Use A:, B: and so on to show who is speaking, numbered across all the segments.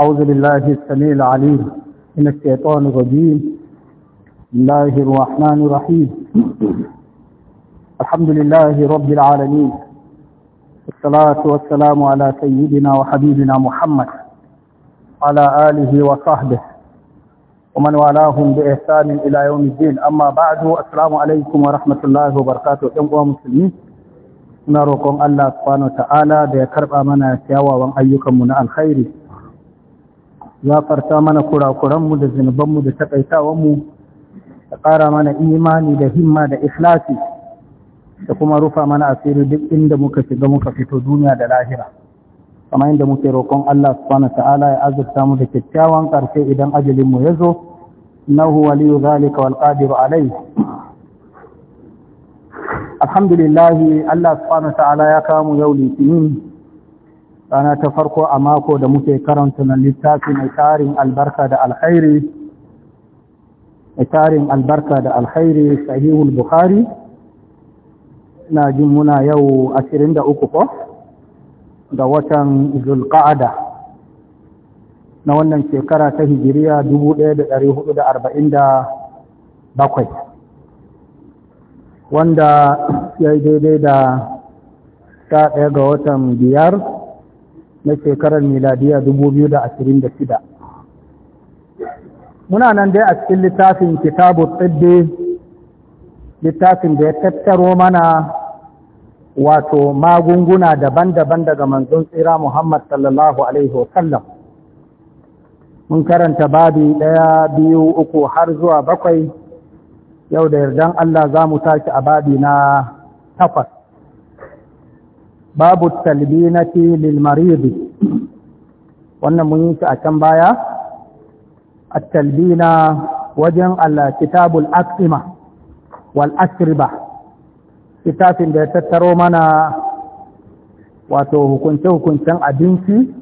A: أعوذ بالله السميع العليم من الشيطان الرجيم بسم الله الرحمن الرحيم الحمد لله رب العالمين والصلاة والسلام على سيدنا وحبيبنا محمد على آله وصحبه ومن والاهم بإحسان إلى يوم الدين أما بعد السلام عليكم ورحمة الله وبركاته أيها المسلمين muna الله سبحانه وتعالى ta'ala da ya karɓa أيكم من الخير Ya farta mana kurakuranmu da zunubanmu da takaitawanmu da ƙara mana imani da himma da ikhlasi da kuma rufa mana asiri duk inda muka shiga muka fito duniya da lahira kamar inda muke roƙon Allah subhanahu ta'ala ya azurta mu da kyakkyawan ƙarshe idan ajalin mu ya zo innahu waliyu zalika wal qadiru alayhi alhamdulillah Allah subhanahu ta'ala ya kawo yau litinin rana ta farko a mako da muke karanta na littafi mai tarin albarka da alkhairi tarin albarka da alkhairi sahihul bukhari na jin muna yau 23 ko ga watan zulqa'ada na wannan shekara ta hijiriya 1447 wanda ya yi daidai da 11 ga watan biyar na shekarar miladiya 2026 muna nan dai a cikin littafin kitabu tsibbe littafin da ya tattaro mana wato magunguna daban-daban daga manzon tsira Muhammad sallallahu Alaihi wasallam mun karanta babi ɗaya biyu uku har zuwa bakwai yau da yardan Allah za mu tashi a babi na takwas babu talbinati lil wannan mun yi shi a can baya at-talbina wajen alkitabul kitabul aqima wal asriba kitabin da ya tattaro mana wato hukunce-hukuncen abinci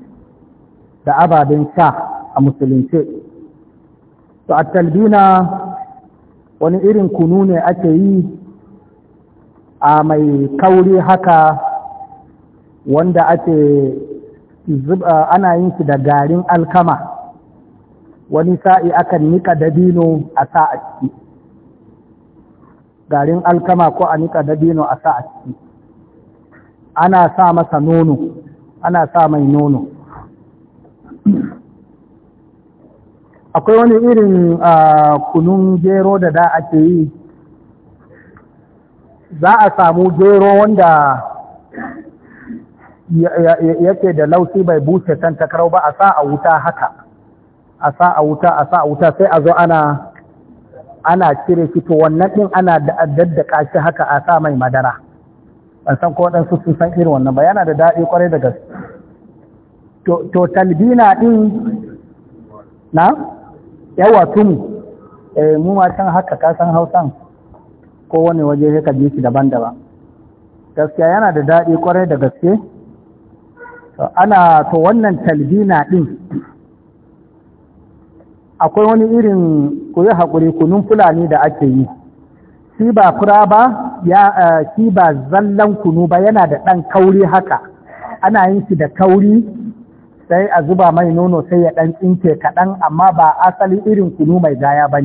A: da ababen sha a musulunce to a talbina wani irin kunu ne ake yi a mai kauri haka wanda ake ana yin shi da garin alkama wani sa'i aka nika dabino a sa ciki garin alkama ko a nika dabino a sa ciki ana sa masa nono ana sa mai nono akwai wani irin kunun gero da da ake yi za a samu gero wanda yake da laushi bai bushe can takarau ba a sa a wuta haka a sa a wuta a sa a wuta sai a zo ana ana cire shi to wannan ɗin ana daddaka shi haka a sa mai madara ban san ko waɗansu sun san irin wannan ba yana da daɗi kwarai da gaske to talbina ɗin na yawa tun eh mu ma can haka ka san hausan ko wani waje sai ka ji shi daban-daban gaskiya yana da daɗi kwarai da gaske ana to wannan talbina ɗin akwai wani irin ku yi haƙuri kunun fulani da ake yi shi ba fura ba eh, shi ba zallan kunu ba yana da ɗan kauri haka ana yin shi da kauri sai a zuba mai nono sai ya ɗan tsinke kaɗan amma ba asali irin kunu mai gaya ba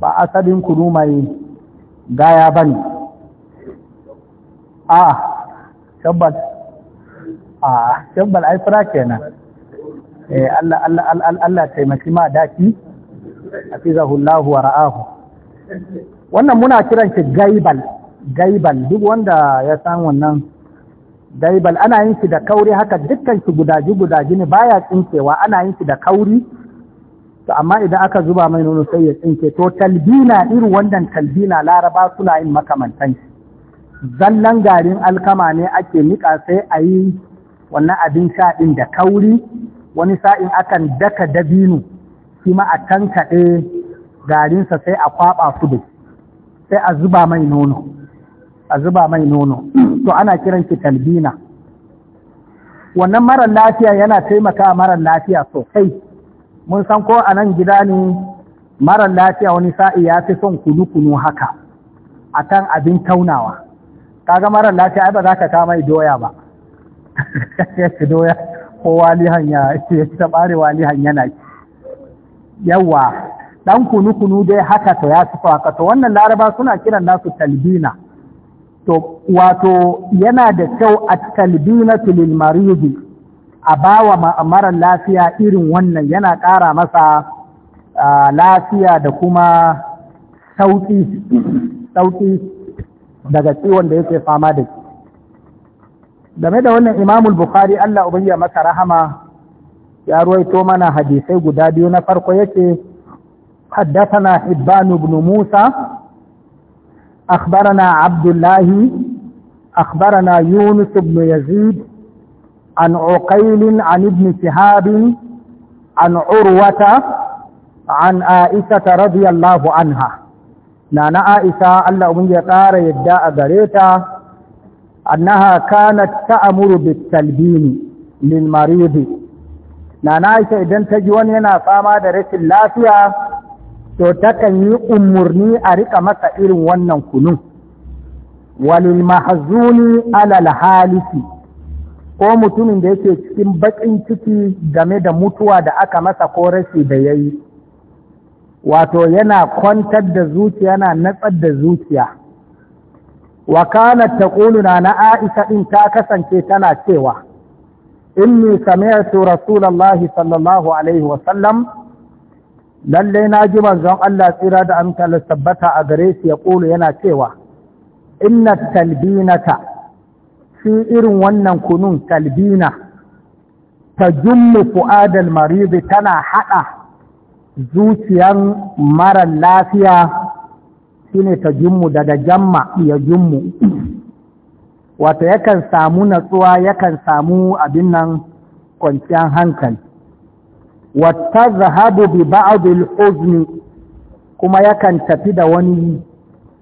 A: ba asalin kunu mai gaya ba a shabbal a shabbal ai fura kenan eh Allah Allah Allah Allah taimaki ma daki hafizahullahu wa ra'ahu wannan muna kiran shi gaibal gaibal duk wanda ya san wannan gaibal ana yin shi da kauri haka dukkan shi gudaji gudaji ne baya tsinkewa ana yin shi da kauri to amma idan aka zuba mai nono sai ya tsinke to talbina irin wannan talbina laraba suna yin makamantan shi zallan garin alkama ne ake nika sai a yi wannan abin sha ɗin da kauri wani sa'in akan daka dabino shi ma a tankaɗe garinsa sai a kwaɓa su da sai a zuba mai nono a zuba mai nono to ana kiran ki talbina wannan marar lafiya yana taimaka marar lafiya sosai mun san ko a nan gida ne marar lafiya wani sa'i ya fi son kunu-kunu haka a kan abin taunawa kaga marar lafiya ai ba za ka kama doya ba kace doya ko wali ya ce ta bare walihan yawa dan kunu kunu dai haka to ya sufa haka to wannan laraba suna kiran nasu talbina to wato yana da kyau a talbina lil a bawa marar lafiya irin wannan yana ƙara masa ah, lafiya da kuma sauƙi daga ciwon da ya yake fama da shi. Game da wannan imamul Bukhari Allah ubangiya masa rahama ya ruwaito mana hadisai guda biyu na farko yake haddasa na Ibbanu ibn Musa, akhbarana Abdullahi, akhbarana Yunus ibn Yazid, an Uqailin an ibn Shihabin, an Urwata, an Aisha ta radiyallahu anha. nana Aisha Allah ubangi ya ƙara yadda a gare ta annaha kanat ta'muru bit talbini lil marid nana Aisha idan ta ji wani yana fama da rashin lafiya to ta kan yi umurni a rika masa irin wannan kunu walil mahzuni ala halisi ko mutumin da yake cikin bakin ciki game da mutuwa da aka masa ko rashi da yayi wato yana kwantar da zuciya yana natsar da zuciya wa ta taquluna na Aisha din ta kasance tana cewa inni sami'tu rasulullahi sallallahu alaihi wa sallam lalle na ji manzon Allah tsira da amsa tabbata a gare shi ya kulu yana cewa inna talbinata shi irin wannan kunun talbina tajummu fu'adal marid tana hada zuciyan mara lafiya shi ne ta jinmu daga jamma ya jinmu wato yakan samu natsuwa yakan samu abin nan kwanciyar hankali wata zahabu bi ba'adul uzni kuma yakan tafi da wani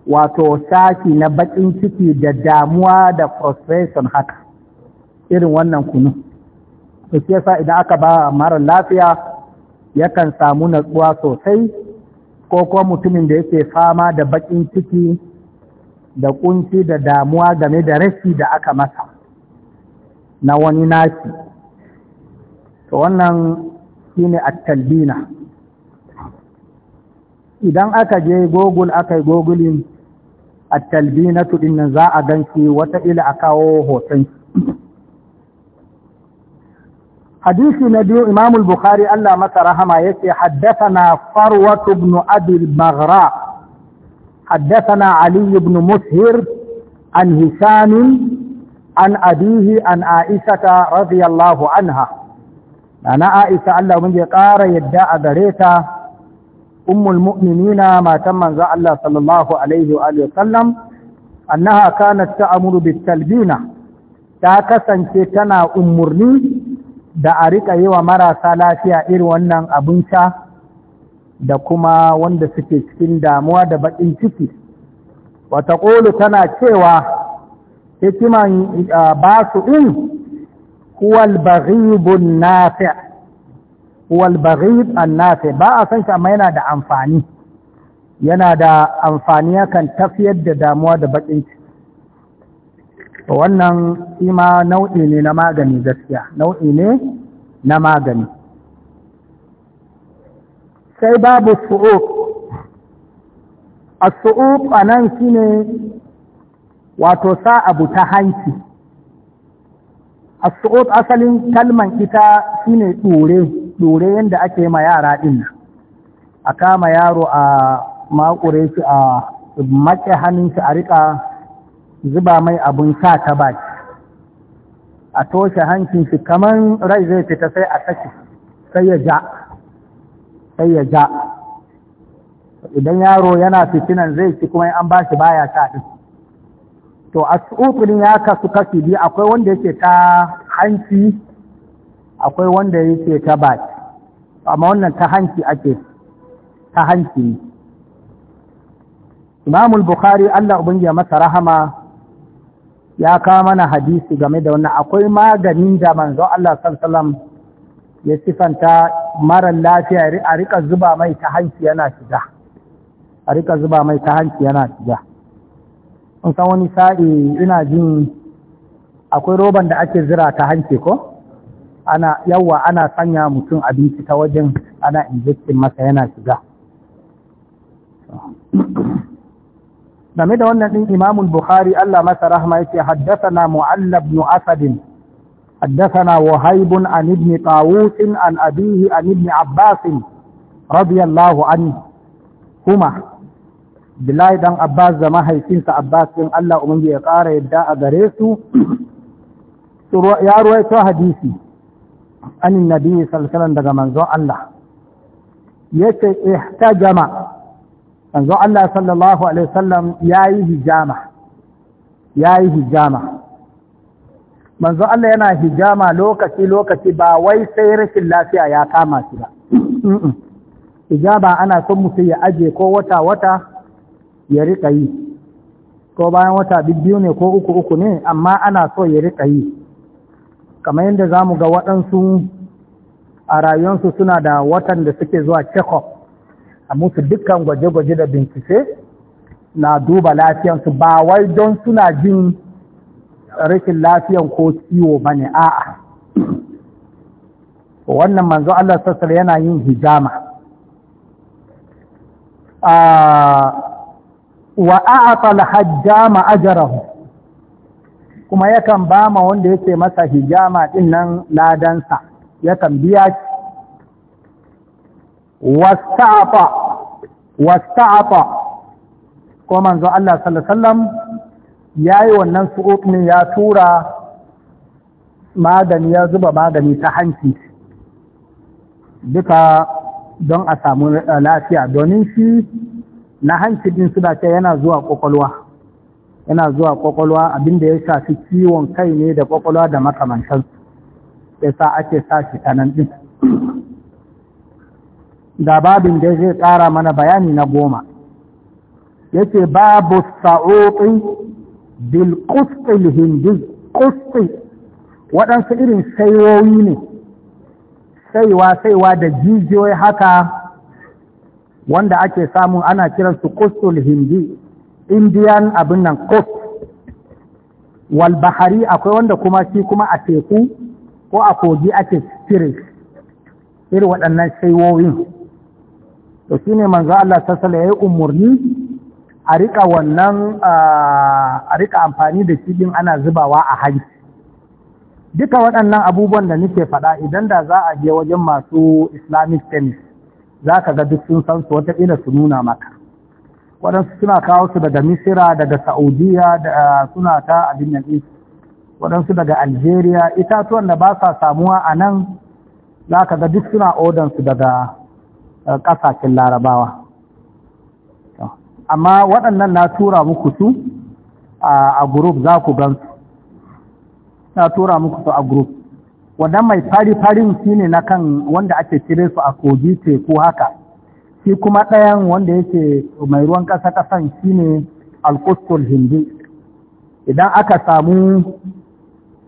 A: wato shafi na bakin ciki da damuwa da frustration haka irin wannan kunu to shi yasa idan aka ba mara lafiya yakan samu natsuwa sosai ko kuma mutumin da yake fama da bakin ciki da kunci da damuwa game da rashi da aka masa na wani nashi to wannan shine at-talbina idan aka je google aka yi googling at-talbina to nan za a gan wata ila a kawo hoton shi hadisi na biyu Imam bukhari Allah masa rahama yace haddathana Farwatu bnu Abi al-Maghra haddathana Ali Mushir an Hisham an abihi an Aisha radiyallahu anha ana Aisha Allah mun ya ƙara yadda a gare ta ummul mu'minina matan manzo Allah sallallahu alaihi wa sallam annaha kanat ta'muru bit talbina ta kasance tana umurni da a riƙa yi wa marasa lafiya irin wannan abin sha da kuma wanda suke cikin damuwa da baƙin ciki wata ƙolu tana cewa hikiman ba su ɗin huwal baghibun nafi huwal baghib nafi ba a san shama yana da amfani yana da amfani yakan tafiyar da damuwa da baƙin ciki wannan ima nau'i ne na magani gaskiya nau'i ne na magani sai babu A su'uq a nan shi ne wato sa abu ta hanci A suuq asalin kalman ita ne ɗure ɗure yadda ake ma yara ɗin. a kama yaro a makure shi a maƙe hannun shi a riƙa. zuba mai abun sha ta baki a toshe hankin shi kamar rai zai fita sai a saki sai ya ja sai ya ja idan yaro yana fitinan zai ci kuma an ba shi baya sha ɗin to a tsukurin ya kasu kashi biyu akwai wanda yake ta hanci akwai wanda yake ta baki amma wannan ta hanci ake ta hanci imamul bukhari allah ubangiya masa rahama ya kawo mana hadisi game da wannan akwai maganin da manzo Allah sallallahu ya sifanta mara lafiya a rika zuba mai ta hanci yana shiga a rika zuba mai ta hanci yana shiga in san wani sa'i ina jin akwai roban da ake zira ta hanci ko ana yawa ana sanya mutum abinci ta wajen ana injectin masa yana shiga game da wannan ɗin imamun Bukhari Allah masa rahma yake haddathana Mu'alla ibn Asad haddathana Wahib an ibn Tawus an abihi an ibn Abbas radiyallahu anhu kuma Bilahi dan Abbas da mahaifinsa Abbas din Allah umangi ya ƙara yadda a gare su ya ruwaito hadisi anin nabi sallallahu daga manzon Allah yace ihtajama yanzu Allah sallallahu alaihi wasallam yayi hijama yayi hijama manzo Allah yana hijama lokaci lokaci ba wai sai rashin lafiya ya kama shi ba hijaba ana son mutum ya aje ko wata wata ya rika yi ko bayan wata biyu ne ko uku uku ne amma ana so ya rika yi kamar yadda zamu ga waɗansu a rayuwarsu suna da watan da suke zuwa check a musu dukkan gwaje-gwaje da bincike na duba lafiyansu ba wai don suna jin rikin lafiyan ko ciwo ba ne a'a wannan manzo Allah sassar yana yin hijama wa a'ata hajjama ajarahu kuma yakan ba ma wanda yake masa hijama din nan ladansa yakan biya wasta'afa wasta'afa ko manzo Allah sallallahu alaihi wasallam yayi wannan su'ud ne ya tura magani ya zuba magani ta hanci duka don a samu eh, lafiya domin shi na hanci din suna ce yana zuwa kwakwalwa yana zuwa kwakwalwa abinda ya shafi ciwon kai ne da kwakwalwa da makamantansu ya sa ake sa shi ta din Da babin da zai tsara mana bayani na goma yace babu sa'uqi bil qustil hindi waɗansu irin saiwoyi ne saiwa saiwa da jijiyoyi haka wanda ake samun ana kiransu qustul hindi Indiyan, abin nan qust wal akwai wanda kuma shi kuma a teku ko a kogi ake spirit irin waɗannan saiwoyin to shine manzo Allah ta ya yi umurni a rika wannan a rika amfani da shi ɗin ana zubawa a hanci duka waɗannan abubuwan da nake faɗa idan da za a je wajen masu islamic tennis za ka ga duk sun san su wata ila su nuna maka waɗansu suna kawo su daga misira daga saudiya da suna ta abin nan waɗansu daga algeria itatuwan da ba sa samuwa a nan za ka ga duk suna odansu daga ƙasashen larabawa amma waɗannan na tura muku su a group za ku gan na tura muku su a group wadan mai fari-farin shi ne na kan wanda ake cire su a kogi teku haka shi kuma ɗayan wanda yake mai ruwan ƙasa-ƙasan shi ne Hindu. hindi idan aka samu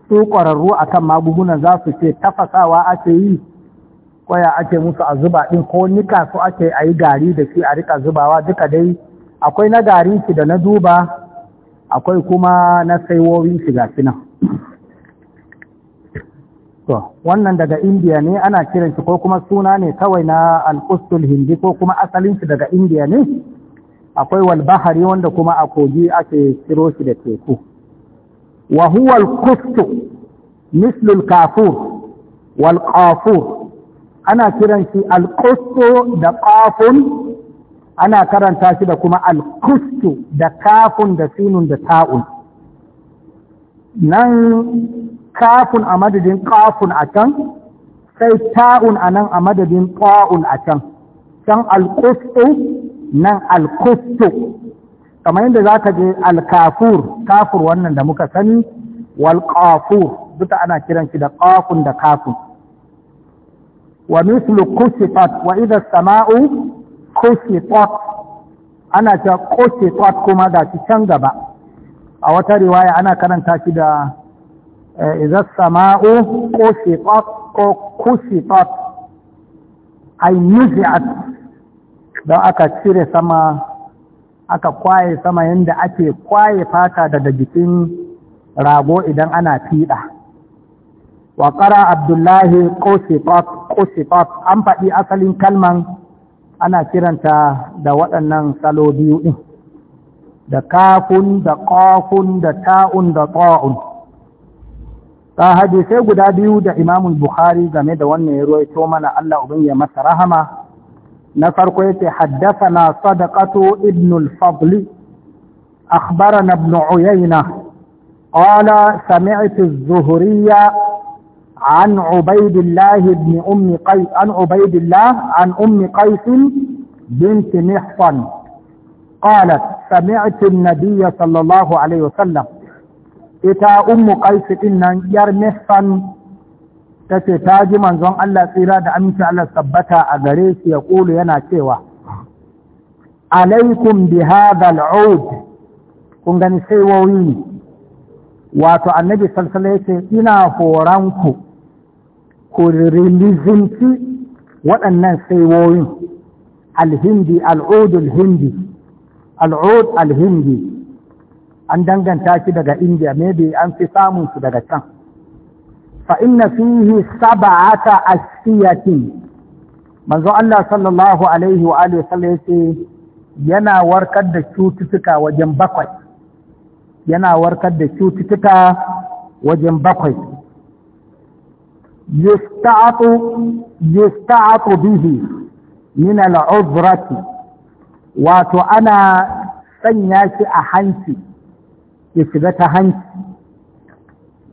A: su ƙwararru a kan magugunan za su ce tafasawa ake yi kwaya ake musu a zuba ɗin ko nika su ake a yi gari da shi a rika zubawa duka dai akwai na gari shi da na duba akwai kuma na saiwowin shi ga nan to wannan daga indiya ne ana kiran shi ko kuma suna ne kawai na al'ustul hindi ko kuma asalin shi daga indiya ne akwai walbahari wanda kuma a kogi ake siro shi da teku wa kustu mislul kafur wal kafur ana kiran shi alƙusto da ƙafun ana karanta shi da kuma alƙusto da kafun da sinun da ta'un nan kafun a madadin ƙafun a can sai ta'un a nan a madadin ƙa'un a can can alƙusto nan alƙusto kamar yadda za ka je alkafur kafur wannan da muka sani wal duka ana kiran shi da ƙafun da kafun wa mislu kushifat wa sama'u kushifat ana ta kushifat kuma ga shi can gaba a wata riwaya ana karanta shi da idha sama'u kushifat ko kushifat ay aka cire sama aka kwaye sama yadda ake kwaye fata daga bikin rago idan ana fiɗa wa ƙara abdullahi ƙosifat an faɗi asalin kalman ana kiranta da waɗannan salo biyu ɗin da kafun da ƙafun da ta'un da ta'un ta hadisai guda biyu da imamun bukhari game da wannan ya to mana Allah ubin ya masa rahama na farko yake haddasa na sadaqatu ibnul fadli akhbarana ibn uyayna qala sami'tu az-zuhriyya عن عبيد الله بن أم قيس عن عبيد الله عن أم قيس بنت محصن قالت سمعت النبي صلى الله عليه وسلم إتا أم قيس إن ير محصن تتتاج من زن الله سيراد أمس على سبتا أغريس يقول ينا كيوا عليكم بهذا العود كنغني سيووين wato annabi salsala yake ina horanku ku ci waɗannan saiwoyin alhindi al'udul hindi al'ud alhindi an danganta shi daga indiya maybe an fi samun su daga can fa inna fihi sab'ata asiyatin manzo Allah sallallahu alaihi wa alihi sallam yana warkar da cututtuka wajen bakwai yana warkar da cututtuka wajen bakwai يستعط يستعط به من العذرة واتو أنا سنياش أحنسي يشبت هنسي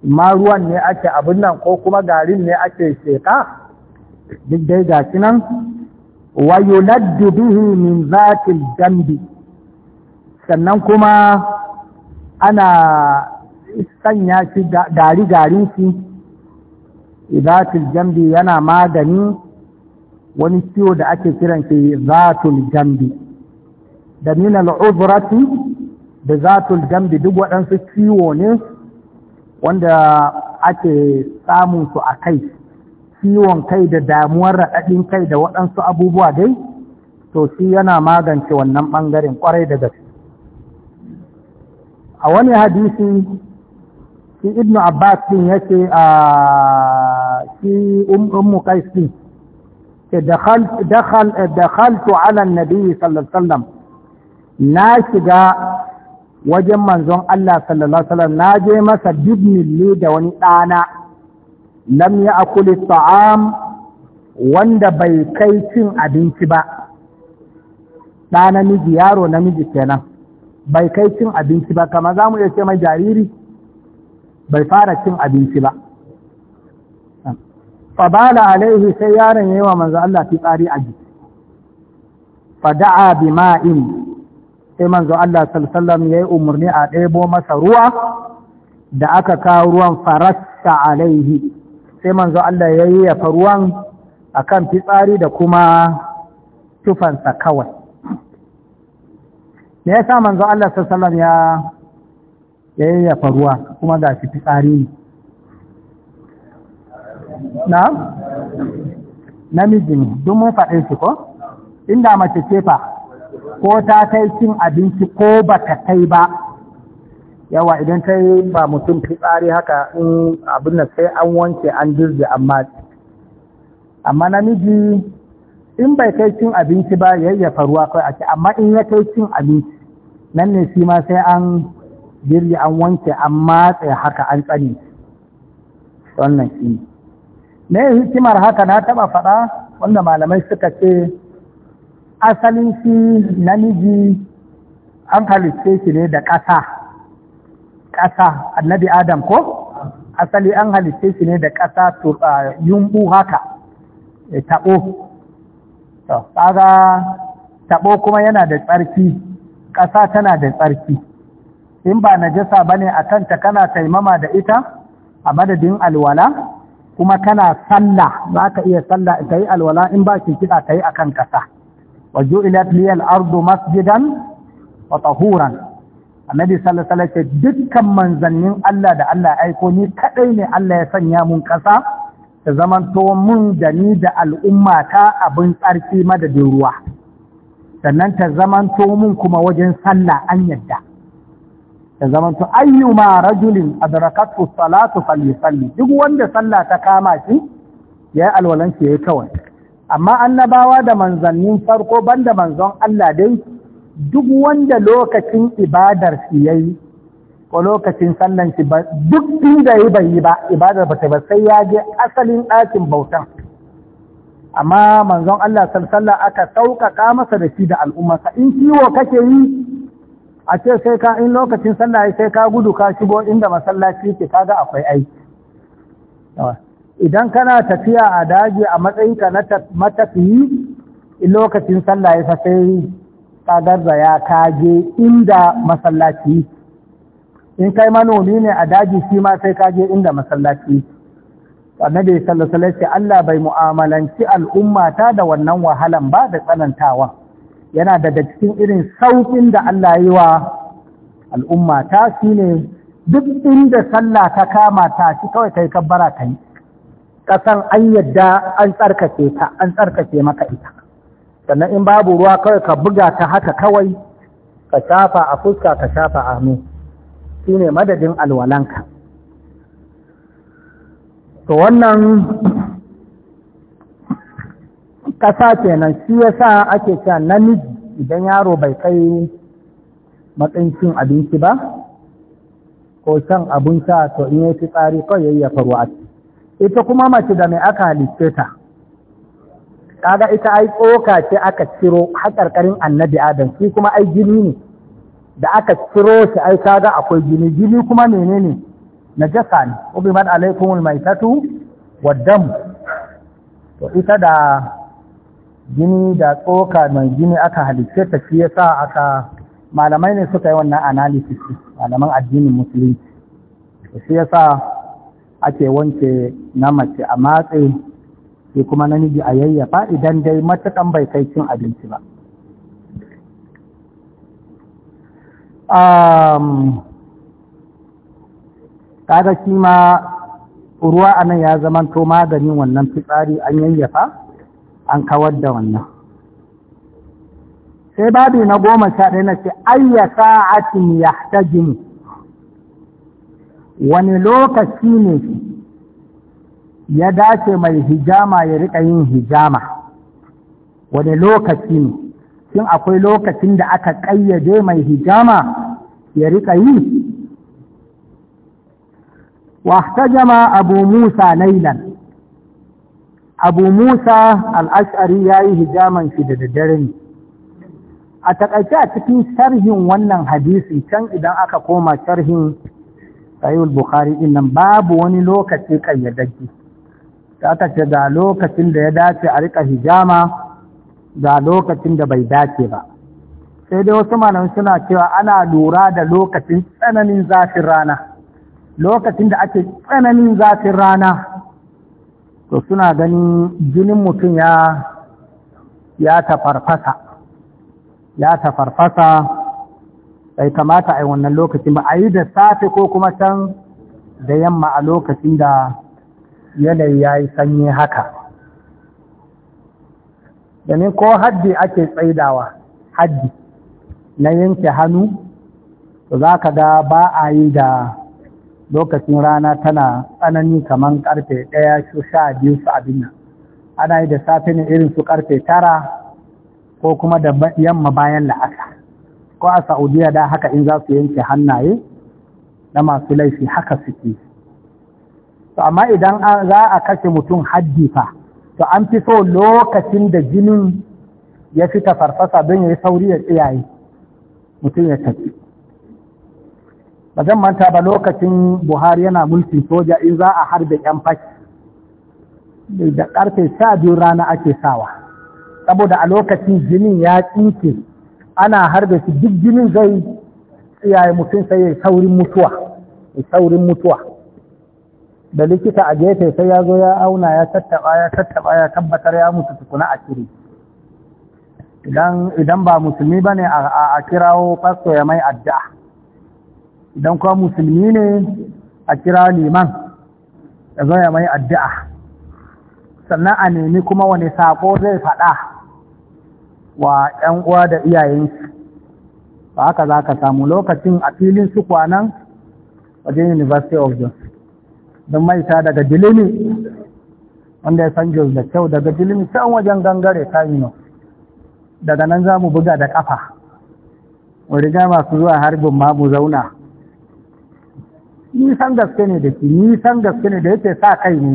A: Ma ruwan ne ake abin nan ko kuma garin ne ake sheka duk dai gashi nan wa yuladdu bihi min zatil dambi sannan kuma ana sanya shi gari garin shi idatul jambi yana magani wani ciwo da ake kiran shi zatul jambi da minal uzrati da zatul jambi duk waɗansu ciwo ne wanda ake samun su a kai ciwon kai da damuwar raɗaɗin kai da waɗansu abubuwa dai to shi yana magance wannan ɓangaren kwarai da gaske a wani hadisi shi ibnu abbas din yake a ah, shi um, ummu qais din eh, eh, shiga wajen manzon Allah sallallahu alaihi na je masa dibnilli da wani ɗana lam ya ta'am wanda bai kai cin abinci ba ɗa namiji yaro namiji kenan bai kai cin abinci ba kamar za mu iya ce mai jariri bai fara cin abinci ba fabala alaihi sai yaron yi wa manzo Allah fitsari a jiki fada'a bima'in sai manzo Allah sallallahu yayi umarni a ɗebo masa ruwa da aka kawo ruwan farasta alaihi sai manzo Allah yayi ya ruwan akan fitsari da kuma tufansa kawai me yasa manzo Allah sallallahu ya yayi ya ruwa kuma da fitsari ne na'am namiji ne duk mun faɗin shi ko inda mace ce fa ko ta kai cin abinci ko ba ta kai ba yawa idan ta yi ba mutum fitsari haka in abin da sai an wanke an jirgi amma amma namiji in bai kai cin abinci ba yayyafa ruwa kai a ce amma in ya kai cin abinci nan ne shi ma sai an jirgi an wanke an matse haka an tsani wannan shi ne me hikimar haka na taɓa faɗa wanda malamai suka ce asalin shi namiji an halitce shi ne da ƙasa ƙasa annabi adam ko asali an halitce shi ne da ƙasa yumbu haka taɓo ƙaga taɓo kuma yana da tsarki ƙasa tana da tsarki in ba na jasa ba ne a kanta kana taimama da ita a madadin alwala kuma kana sallah za ka iya sallah ka yi alwala in ba kiɗa ka yi a kan ƙasa wa ju'ilat liyal ardu masjidan wa tahuran annabi sallallahu alaihi wasallam dukkan manzannin Allah da Allah ya aiko ni kadai ne Allah ya sanya mun ƙasa ta zamanto mun da ni da al'umma ta abin tsarki madadin ruwa sannan ta zamanto mun kuma wajen sallah an yadda ya zama to ayyuma rajulin adrakatu salatu falyusalli duk wanda sallah ta kama shi yayi alwalan shi yayi kawai amma annabawa da manzannin farko banda manzon Allah dai duk wanda lokacin ibadar shi yayi ko lokacin sallan shi ba duk inda yayi bai yi ba ibadar ba ta ba sai ya je asalin ɗakin bautan amma manzon Allah sallallahu aka sauƙaƙa masa da shi da al'ummaka, in ciwo kake yi a ce sai ka in lokacin sallah sai ka gudu ka shigo inda masallaci ke kaga akwai aiki idan kana tafiya a daji a matsayinka na matafiyi in lokacin sallah ya sai ka garza ya kage inda masallaci in kai manomi ne a daji shi ma sai ka je inda masallaci annabi sallallahu alaihi wasallam Allah bai mu'amalanci al'ummata da wannan wahalan ba da tsanantawa yana daga cikin irin sauƙin da Allah yi wa al'umma ta shi ne duk inda sallah ta kama ta shi kawai ta yi kabbara ta yi ƙasan an yadda an tsarkake ta an tsarkake maka ita sannan in babu ruwa kawai ka buga ta haka kawai ka shafa a fuska ka shafa a hannu shi ne madadin alwalanka to wannan ƙasa kenan shi ya yasa ake sha namiji idan yaro bai kai matsayin cin abinci ba ko shan abin sha to in yi fitsari kawai yayyafa ruwa ita kuma mace da mai aka halicce ta kaga ita ai tsoka ce aka ciro haƙarƙarin annabi adam shi kuma ai jini ne da aka ciro shi ai kaga akwai jini jini kuma menene na najasa ne ubiman alaikumul maitatu waddam to ita da jini da tsoka mai jini aka halitta ta shi yasa aka malamai ne suka yi wannan analysis malaman addinin musulunci shi yasa ake wanke na mace a matse sai kuma namiji a yayyafa idan dai matukan bai kai cin abinci ba kaga shi ma ruwa anan ya zama to maganin wannan fitsari an yayyafa an kawar da wannan sai babi na goma sha ɗaya na ce ayya sa'atin ya tajin wani lokaci ne ya dace mai hijama ya riƙa yin hijama wani lokaci ne shin akwai lokacin da aka ƙayyade mai hijama ya riƙa yi Wa ta wahtajama abu musa nailan abu musa al'ashari ya yi hijaman shi da daddare ne a takaice a cikin sharhin wannan hadisi can idan aka koma sharhin sayul bukhari nan babu wani lokaci kayyadaggi ta aka ga lokacin da ya dace a riƙa hijama ga lokacin da bai dace ba sai dai wasu malamai suna cewa ana lura da lokacin tsananin zafin rana lokacin da ake tsananin zafin rana to suna ganin jinin mutum ya ya tafarfasa ya tafarfasa bai kamata a yi wannan lokacin ba a yi da safe ko kuma can da yamma a lokacin da yanayi ya yi sanyi haka domin ko haddi ake tsaidawa haddi na yanke hannu za ka ga ba a yi da lokacin rana tana tsanani kamar karfe ɗaya su sha biyu su abin nan ana yi da safe ne irin su karfe tara ko kuma da yamma bayan la'asa ko a saudiya da haka in za su yanke hannaye na masu laifi haka suke to amma idan za a kashe mutum haddi fa to an fi so lokacin da jinin ya fita farfasa don ya yi sauri ya tsiyaye mutum ya tafi ba zan manta ba lokacin buhari yana mulkin soja in za a harbe yan fashi da karfe sha biyu rana ake sawa saboda a lokacin jinin ya tsinke ana harbe shi duk jinin zai tsiyaye mutum sai ya saurin mutuwa saurin mutuwa da likita a gefe sai ya zo ya auna ya tattaba ya tattaba ya tabbatar ya mutu tukuna a kiri idan ba musulmi ba ne a kirawo fasto ya mai addu'a idan kuma musulmi ne a kira liman ya zo ya mai addu'a sannan a nemi kuma wani saƙo zai faɗa wa ‘yan uwa da iyayensu ba haka za ka samu lokacin a filin su kwanan wajen university of jos don maita daga dilimi wanda ya san jones da kyau daga dilimi can wajen gangare kamino daga nan za mu buga da ƙafa wani riga masu zuwa harbin ma mu zauna nisan gaske ne da shi nisan gaske ne da yake sa kai ne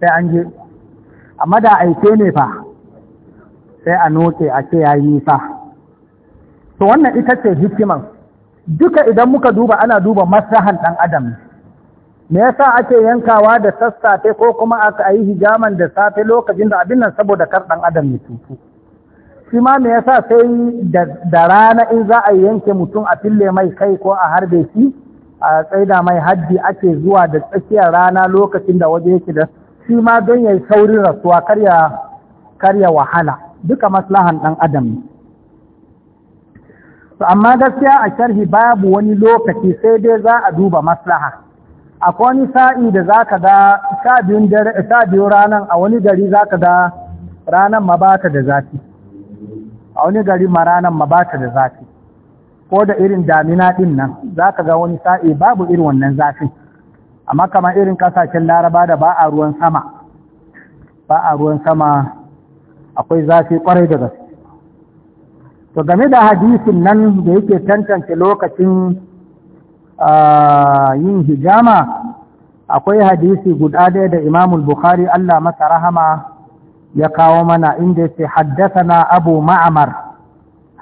A: sai an je amma da aike ne fa sai a noke a ce ya yi nisa to wannan ita ce hikiman duka idan muka duba ana duba maslahan ɗan adam me yasa ake yankawa da sassafe ko kuma aka yi hijaman da safe lokacin da abin nan saboda kar ɗan adam ya tutu? shi ma me yasa sai da rana in za a yanke mutum a fille mai kai ko a harbe shi a tsaida mai haddi ake zuwa da tsakiyar rana lokacin da waje yake da shi ma don ya saurin rasuwa karya wahala duka maslahan ɗan adam ne to amma gaskiya a sharhi babu wani lokaci sai dai za a duba maslaha A wani sa'i da za ka ga sha biyu ranar a wani gari za ka da a wani ma ranar mabata da zafi ko da irin damina ɗin nan za ka ga wani sa'i babu irin wannan zafin amma kama irin ƙasashen laraba da ba a ruwan sama ba a ruwan sama akwai zafi ƙwarai da gaske to game da hadisin nan da yake tantance lokacin ah, yin hijama akwai hadisi guda ɗaya da imamul bukhari Allah masa rahama ya kawo mana inda yake haddasa na abu ma'amar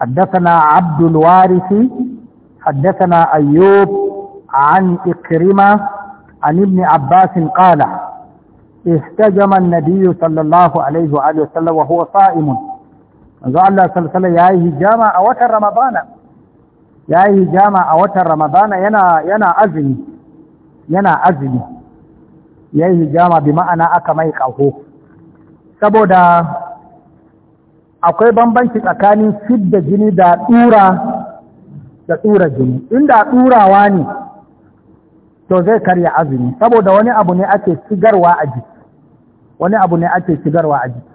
A: حدثنا عبد الوارث حدثنا أيوب عن إكرمة عن ابن عباس قال احتجم النبي صلى الله عليه وآله وسلم وهو صائم manzo Allah sallallahu ya yi hijama a watan Ramadana ya yi hijama a watan Ramadana yana yana azumi yana ya yi hijama bi ma'ana aka mai kaho saboda akwai bambanci tsakanin fidda jini da ɗura da ɗura jini inda ɗurawa ne to zai karya azumi saboda wani abu ne ake cigarwa a jiki wani abu ne ake cigarwa a jiki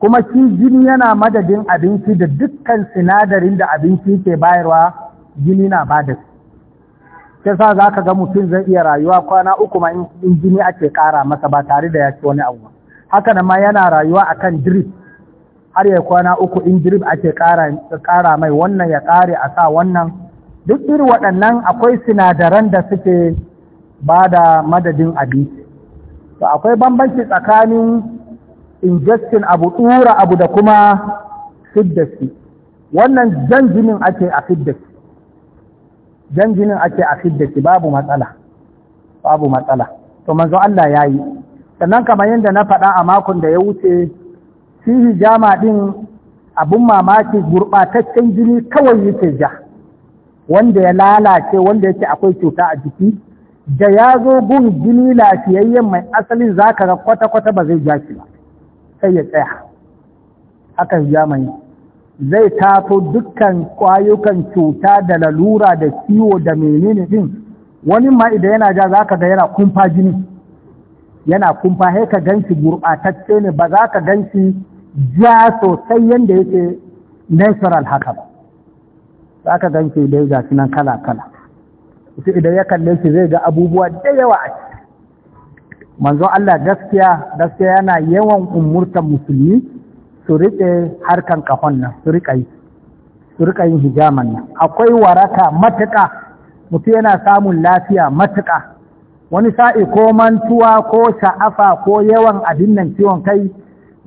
A: kuma shi jini yana madadin abinci da dukkan sinadarin da abinci ke bayarwa jini na bada su sai sa za ka ga mutum zai iya rayuwa kwana uku ma in jini ake kara masa ba tare da ya ci wani abu haka nan ma yana rayuwa akan drip har ya kwana uku in drip ake ƙara mai wannan ya ƙare a sa wannan duk irin waɗannan akwai sinadaran da suke ba da madadin abinci to akwai bambanci tsakanin ingestin abu ɗura abu da kuma fidda wannan jan jinin ake a fidda jan jinin ake a fiddasi babu matsala babu matsala to manzo Allah ya yi sannan kamar yadda na faɗa a makon da ya wuce fihi hijama ɗin abin mamaki gurɓataccen jini kawai yake ja wanda ya lalace wanda yake akwai cuta a jiki da ya zo gun jini lafiyayyen mai asalin za ka kwata-kwata ba zai ja shi ba sai ya tsaya haka hijama yi zai tafi dukkan kwayukan cuta da lalura da ciwo da menene din wani ma idan yana ja za ka ga yana kumfa jini yana kumfa haika ganci gan shi gurɓatacce ne ba za ka gan ja sosai yadda yake natural haka ba za ka gan dai ga nan kala-kala shi idan ya kalle shi zai ga abubuwa da yawa a ciki manzo Allah gaskiya gaskiya yana yawan umurtan musulmi su riƙe harkan kafon nan su riƙa yi su riƙa yin hijaman nan akwai waraka matuƙa mutum yana samun lafiya matuƙa wani sa'i ko mantuwa ko sha'afa ko yawan abin nan ciwon kai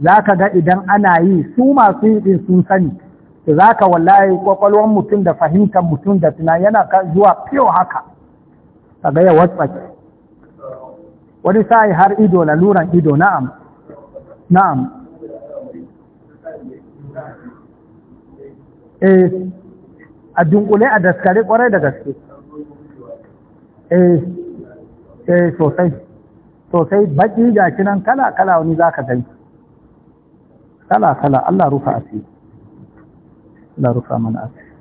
A: za ka ga idan ana yi su masu yi ɗin sun sani za ka wallahi kwakwalwar mutum da fahimtar mutum da tunan yana zuwa fiyo haka ka ga ya watsake wani sa'i har ido laluran ido na'am na'am eh a dunkule a daskare kwarai da gaske eh, eh sosai sosai baki ga kinan kala kala wani za ka gani kala kala Allah rufa asiri Allah rufa mana asiri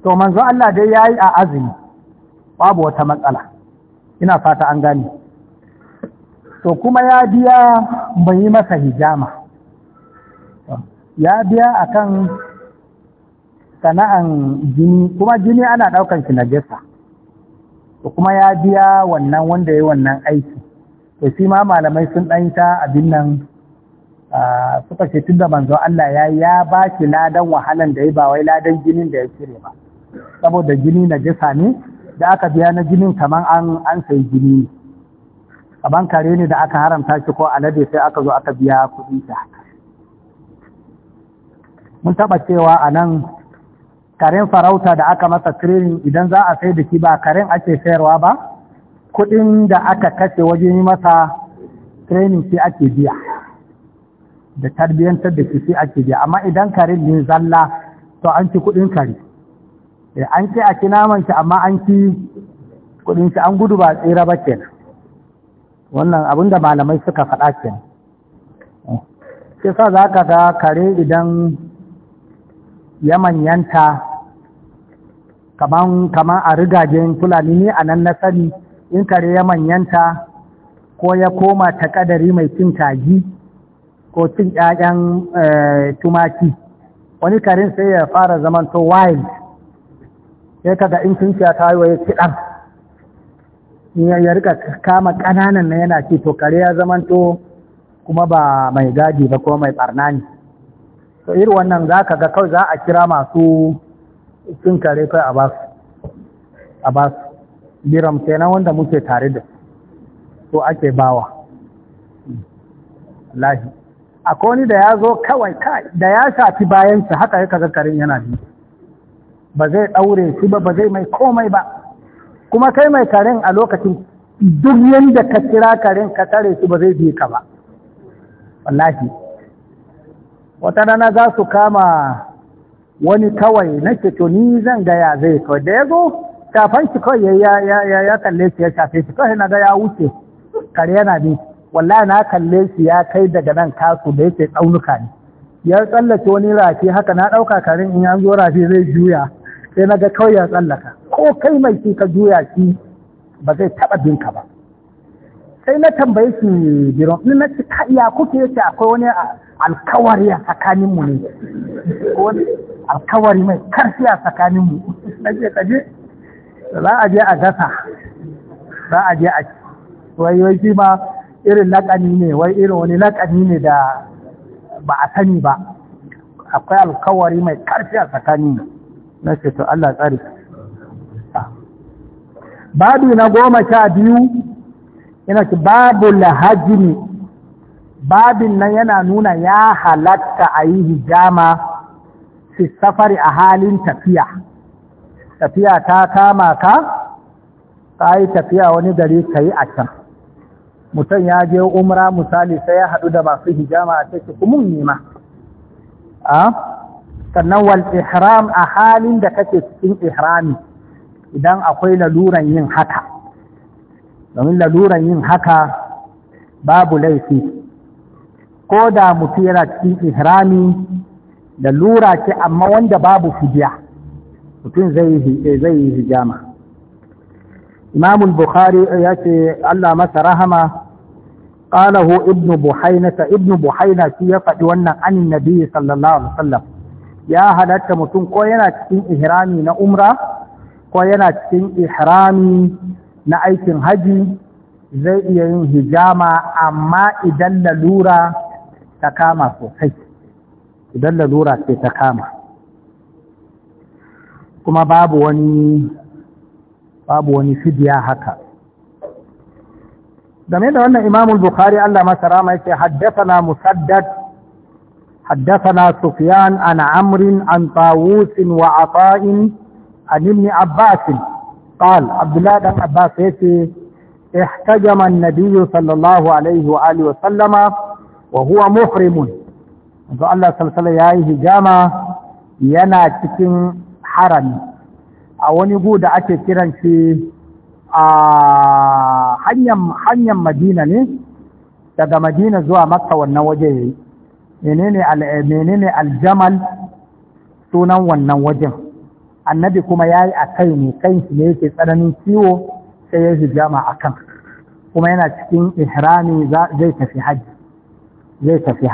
A: to manzo Allah dai yayi a azumi babu wata matsala ina fata an gane to kuma ya biya bai masa hijama ya biya akan sana'an jini kuma jini ana ɗaukan shi najasa to kuma ya biya wannan wanda ya wannan aiki to shi ma malamai sun ɗan ta abin nan suka ce tun da manzo Allah ya ya ba ki ladan wahalan da ya ba wai ladan jinin da ya cire ba saboda jini na jisa ne da aka biya na jinin kaman an sai jini ne kare ne da aka haramta shi ko alade sai aka zo aka biya kuɗi ta mun taɓa cewa a nan karen farauta da aka masa training idan za a sai da shi ba karen ake sayarwa ba kuɗin da aka kashe wajen yi masa training shi ake biya da tarbiyyantar da ke sai ake biya amma idan karin ne zalla to an ci kuɗin kare eh, an ce a ci naman shi amma an ci kuɗin shi an gudu ba tsira ba ke. wannan abin da malamai suka faɗa kenan eh, sai za ka ga kare idan ya manyanta kaman a rigajen fulani ne a nan na sani in kare ya manyanta ko ya koma ta kadari mai cin kaji ko cin ƴaƴan eh, tumaki wani karin sai ya fara zamanto wild sai kaga in tunciya ta yi waye kiɗan ya rika kama ƙananan na yana ce to kare ya zamanto kuma ba mai gadi ba kuma mai ɓarna ne to iri wannan za ka ga kawai za a kira masu cin kare kai a su biram kenan wanda muke tare da su ake bawa lahi a wani da ya zo kawai da ya shafi bayansa haka ya kaga karin yana bi ba zai ɗaure shi ba ba zai mai komai ba kuma kai mai karin a lokacin duk yadda ka kira karin ka tare shi ba zai bi ka ba wallahi wata rana za su kama wani kawai na ceto ni zan gaya zai kawai da ya zo shafan shi kawai ya kalle shi ya shafe shi kawai na ga ya wuce kare yana bi wallahi na kalle shi ya kai daga nan kasu da yake tsaunuka ne ya tsallake wani rafi haka na ɗauka karin in yanzu rafi zai juya sai na ga kawai ya tsallaka ko kai mai shi ka juya shi ba zai taɓa ka ba sai na tambaye shi biron ni na ce ya kuke yace akwai wani alkawari a tsakaninmu ne wani alkawari mai karfi a tsakaninmu na ce kaje za a je a gasa za a je a ci wai wai shi ma irin laƙani ne wai irin wani laƙani ne da ba a sani ba akwai alkawari mai ƙarfi a tsakani na ce to Allah tsari babu na goma sha biyu yana ce babu lahajini babin nan yana nuna ya halatta a yi hijama fi safari a halin tafiya tafiya ta kama ka ta yi tafiya wani gari ka yi a can mutum ya je umra misali sai ya haɗu da masu hijama a cikin kuma nema a sannan wal ihram a halin da kake cikin ihrami idan akwai laluran yin haka domin laluran yin haka babu laifi ko da mutum yana cikin ihrami lura ce amma wanda babu fidiya mutum eh, zai yi hijama imamul bukhari ya ce allah masa rahama qalahu ibnu Buhainat. ta ibnu buhaina shi ya faɗi wannan anin nabi sallallahu alaihi wasallam ya halatta mutum ko yana cikin ihrami na umra ko yana cikin ihrami na aikin haji zai iya yin hijama amma idan lalura ta kama sosai idan lalura ce ta kama kuma babu wani babu wani fidiya haka game da wannan imamul bukhari Allah masa rama yake haddasana musaddad haddasana sufyan an amrin an tawus wa ata'in an ibn abbas قال عبد الله بن عباس يتي احتجم النبي صلى الله عليه وآله وسلم وهو محرم قال الله صلى الله عليه وسلم جامع yana cikin haram, a wani gu da ake kiran shi a hanyar madina ne daga madina zuwa makka wannan waje yayi menene eh, ne aljamal sunan wannan wajen annabi kuma yayi a kai ne kai ne yake tsananin ciwo sai ya hijama kan kuma yana cikin ihrami zai tafi haji zai tafi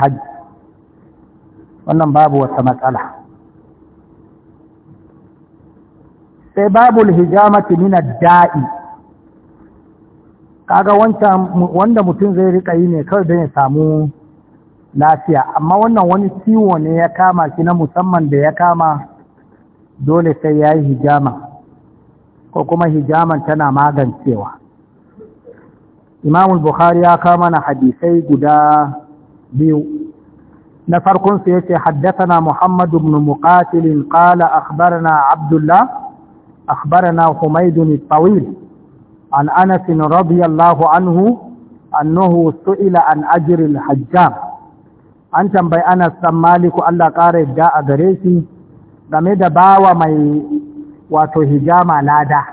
A: wannan babu wata matsala sai babul hijamati min da'i kaga wanda mutum zai rika yi ne kawai don ya samu lafiya amma wannan wani ciwo ne ya kama shi na musamman da ya kama dole sai ya yi hijama ko kuma hijaman tana magancewa imamul bukhari ya kama na hadisai guda biyu na farkon su yace haddasa muhammadu ibn muqatilin qala akhbarana abdullah akhbarana humaydun tawil An أنس رضي الله عنه أنه سئل عن أجر an tambayi ana dan maliku Allah ƙara yadda a gare shi game da bawa mai wato hijama lada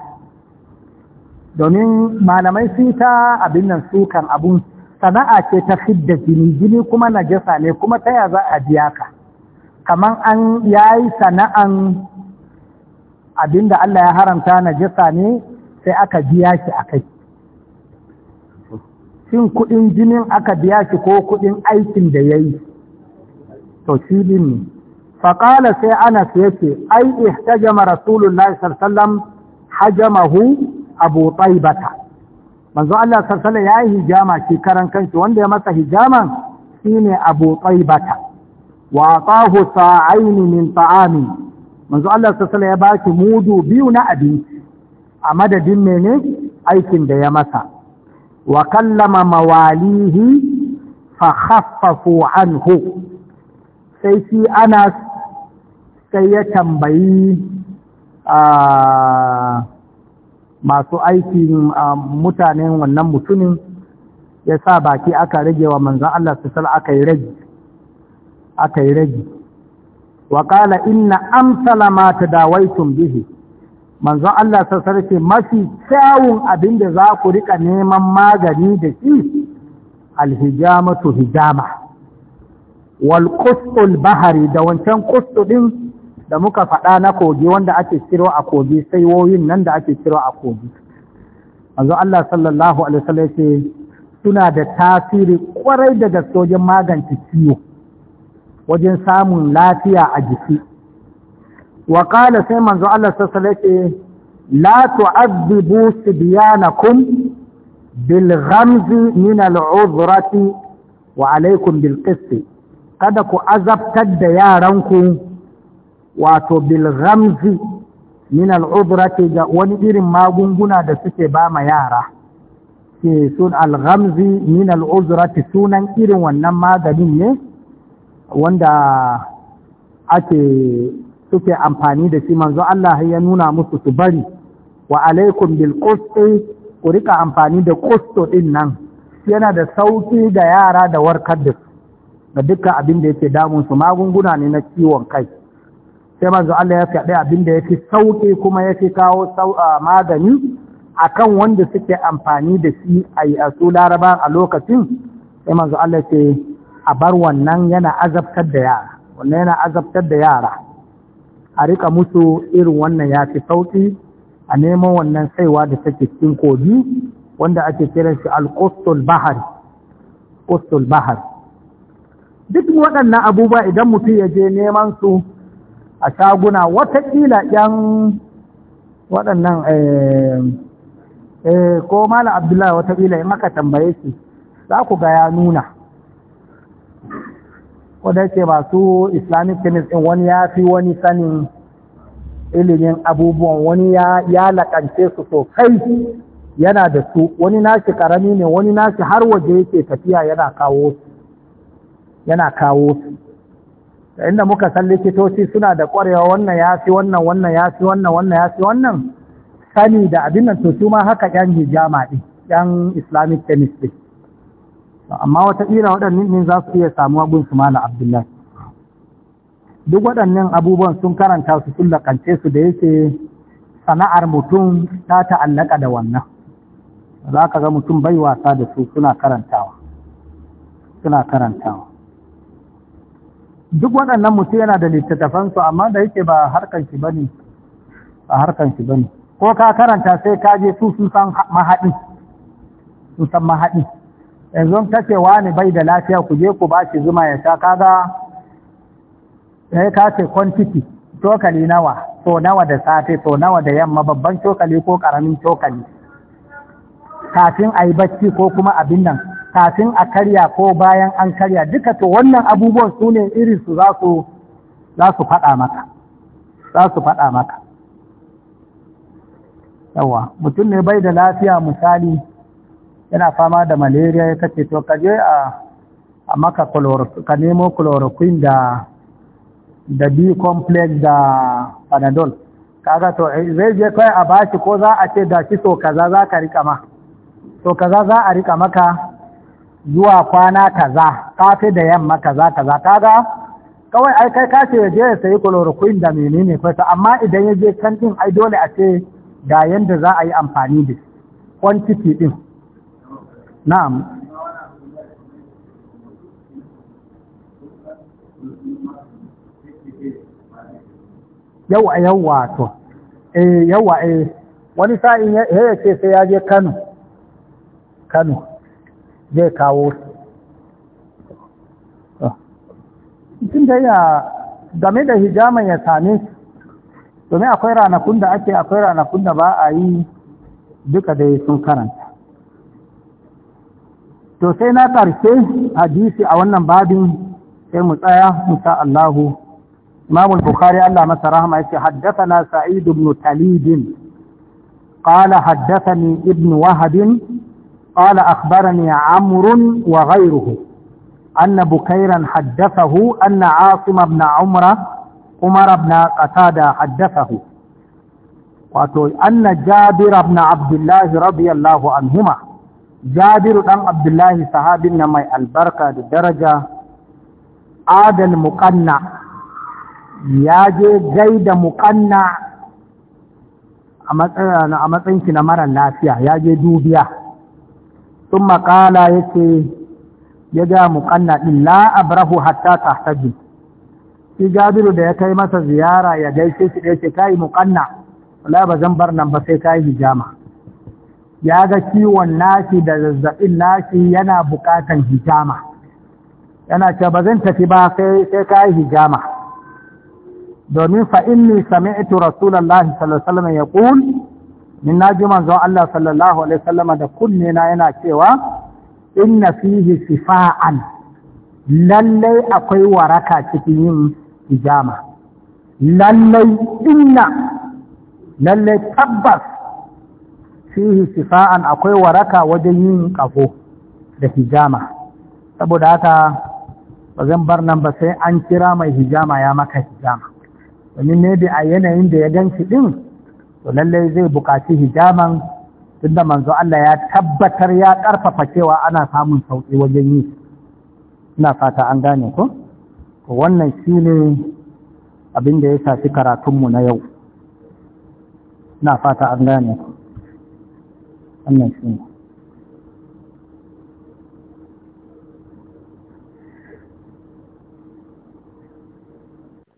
A: domin malamai sun ta abin nan sukan abun sana'a ce ta fidda jini jini kuma najasa ne kuma ta ya za a biya ka Kaman an yayi sana'an abin da Allah ya haramta najasa ne sai aka biya shi a kai shin kuɗin jinin aka biya shi ko kuɗin aikin da ya yi to shi ne faƙala sai anas ya ce ai ihtajama rasulullahi sallallahu hajamahu abu taibata manzo Allah sallallahu ya yi hijama shekaran karan kanshi wanda ya masa hijaman ne abu taibata wa atahu sa'aini min ta'ami manzo Allah sallallahu ya baki mudu biyu na abinci a madadin mene aikin da ya masa wa kallama mawalihi fa khaffafu anhu sai shi ana sai ya tambayi masu aikin mutanen wannan mutumin ya sa baki aka rage wa manzan Allah su sal aka yi rage aka yi rage wa kala inna amsala ma bihi manzon Allah sassara ce mafi kyawun abin da za ku rika neman magani da shi alhijama to hijama wal kustul bahari da wancan kustudin da muka faɗa na kogi wanda ake ciro a kogi sai woyin nan da ake ciro a kogi manzon Allah sallallahu alaihi wasallam ce suna da tasiri kwarai da gaske wajen magance ciwo wajen samun lafiya a jiki wa qala sai manzo Allah sallallahu alaihi la tu'adhibu sibyanakum bil ghamzi min al uzrati wa alaikum bil qist kada ku azabtar da yaranku wato bil ghamzi min al ga wani irin magunguna da suke ba ma yara ke sun al ghamzi min al uzrati sunan irin wannan maganin ne wanda ake suke amfani da shi manzo Allah ya nuna musu su bari wa alaikum bil qusti ku rika amfani da qusto din nan yana da sauki ga yara da warkar da ga dukkan abin da yake damun su magunguna ne na ciwon kai sai manzo Allah ya faɗi abin da yake sauki kuma yake kawo magani akan wanda suke amfani da shi a su laraba a lokacin sai manzo Allah ya ce a bar wannan yana azabtar da yara wannan yana azabtar da yara a rika musu irin wannan ya fi sauƙi a neman wannan saiwa da take cikin kogi wanda ake kiran shi al-qustul bahari bahari duk waɗannan abubuwa idan mutum ya je neman su a shaguna watakila yan waɗannan eh, eh, ko mala abdullahi watakila in aka tambaye shi za ku ga ya nuna ko yake ba masu islamic chemist in wani ya fi wani sanin ilimin abubuwan wani ya lakance su sosai yana da su wani nashi karami ne wani nashi har waje yake tafiya yana kawo su yana kawo su da inda muka san likitoci suna da kwarewa wannan ya fi wannan wannan ya fi wannan wannan ya fi wannan sani da abin nan to su ma haka yan hijama ɗin yan islamic chemist ɗin amma wataƙila waɗannan ne za su iya samuwa gun su mala abdullahi duk waɗannan abubuwan sun karanta su sun laƙance su da yake sana'ar mutum ta ta'allaka da wannan za ka ga mutum bai wasa da su suna karantawa suna karantawa duk waɗannan mutum yana da littattafansu amma da yake ba harkan shi bane ba harkan shi bane ko ka karanta sai ka je su sun san mahaɗi sun san mahaɗi yanzu ta ce wani bai da lafiya ku je ku ba shi zuma ya sha kaga sai eh, ka ce kwantiti cokali nawa so nawa da safe so nawa da yamma babban cokali ko karamin cokali kafin a yi bacci ko kuma abin nan kafin a karya ko bayan an karya duka to wannan abubuwan su ne irin su za su faɗa maka za su faɗa maka yawa mutum ne bai da lafiya misali yana fama da malaria ya kace to ka je a a maka ka nemo chloroquine da da b complex da panadol kaga to eh, zai je kai a bashi ko za a ce da shi so kaza za ka rika ma to kaza za a rika maka zuwa kwana kaza kafe da yamma kaza kaza kaga kawai ai kai ka ce je sai sayi chloroquine da menene kai to amma idan ya je kan din ai dole a ce ga yanda za a yi amfani da quantity din Yau a yawa wato, eh yawa eh wani sa'in ya ce sai ya je Kano Kano zai kawo tun da ya game da hijaman ya same su domin akwai ranakun da ake akwai ranakun da ba a yi duka da sun karanta to sai na ƙarshe hadisi a wannan babin sai mu tsaya insha Allahu Imam al-Bukhari Allah masa rahama yace haddathana Sa'id ibn Talib qala haddathani ibn Wahab qala akhbarani Amr wa ghayruhu anna Bukayran haddathahu anna Asim ibn Umra Umar ibn Qatada haddathahu wato anna Jabir ibn Abdullah radiyallahu anhuma jabiru ɗan abdullahi sahabin na mai albarka da daraja adal muƙanna ya je gaida muƙanna a matsayinki na mara lafiya ya je dubiya sun makala ya ce ya ga muƙanna illa abrahu hatta tahtaji shi jabiru da ya kai masa ziyara ya gaishe shi ɗaya ce kayi muƙanna wala ba zan bar nan ba sai kayi hijama ya ga ciwon nashi da zazzabin nashi yana bukatan hijama yana ce ba zan tafi ba sai ka yi hijama domin fa'inni sami'tu rasulallah sallallahu ya ƙun. min na ji manzon Allah sallallahu alaihi sallama da kunne na yana cewa inna fihi sifa'an lallai akwai waraka cikin yin hijama lallai inna lallai tabbas fihi sifa'an akwai waraka wajen yin kafo da hijama saboda haka ba zan bar nan ba sai an kira mai hijama ya maka hijama domin ne da a yanayin da ya ganci din to lallai zai buƙaci hijaman tunda manzo Allah ya tabbatar ya ƙarfafa cewa ana samun sauƙi wajen yi ina fata an gane ko to wannan shine abin da ya shafi karatunmu na yau ina fata an gane ko wannan shi ne